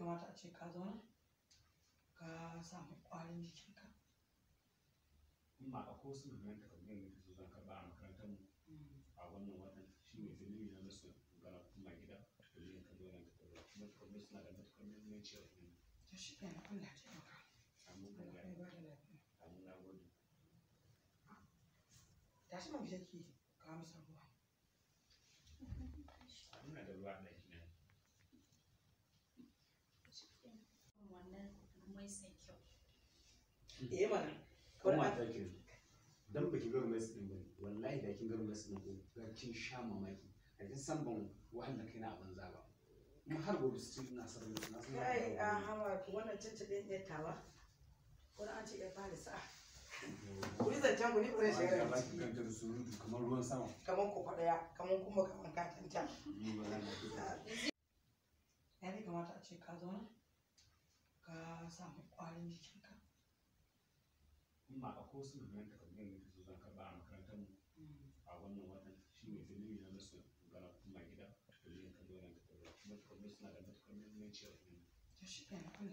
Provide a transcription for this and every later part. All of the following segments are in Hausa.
kamata a ce ka zauna ka samu ƙwarin jikinka amma a kosu sun nan ka kamar yadda su zan ba a makarantar mu a wannan watan shi ne dalili na nasu gana kuma gida da yin ka zauna ka zauna kuma kamar suna da matukar muhimmanci a wurin to shi ne na kulla ce maka amin da lafiya amin na gode tashi mafi yake ka masa ruwa ina da ruwa ɗaya wannan mai kyau eh mana kuma ta ke dan baki ga mai sai bane wallahi da kin mai ko ga kin sha mamaki a kin san ban wahala kai na za ba kuma har gobe su na san na san ai a ah, hawa wannan ne tawa ce ya fara sa'a ku zancen ni kuma kamar ya kamata a ce ka samu ƙwarin jikinka a ko nan zo zan karɓa a makarantar mu a wannan watan shi ne dalili gana kuma gida da kuma suna da matukar muhimmanci a wurin to shi ga na gode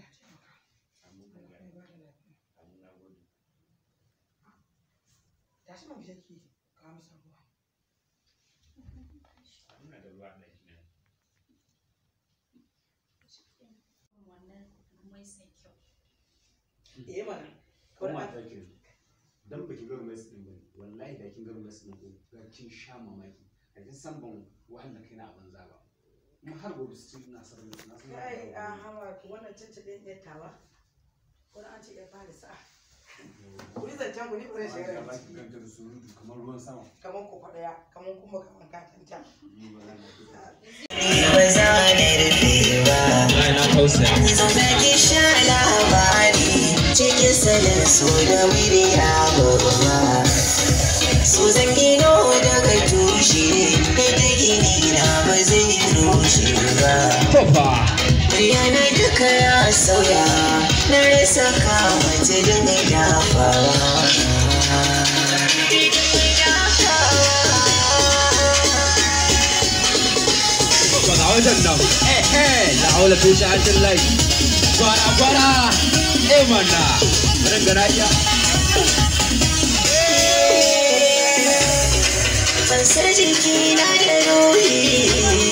masa ruwa mai sai kyau eh mana kuma ta ke dan baki mai sai wallahi da kin mai sai ko ga kin sha mamaki a kin san ban kai na ba mu har gobe su na na kai a ah, hawa wannan ne tawa ce ya fara sa'a ku yi zancen ku ni ba zai shiga da baki gangar surutu kamar ruwan sama kamar ku kamar kuma kamar ah. ba za na rufe ba salon su da murya babba su zan gino daga tushe yadda gini na ba zai rushe ba Yana duka ya sauya na rasa kama ta dinga dafawa द्वारा बड़ा ए मना रंगराया बसर की नजरों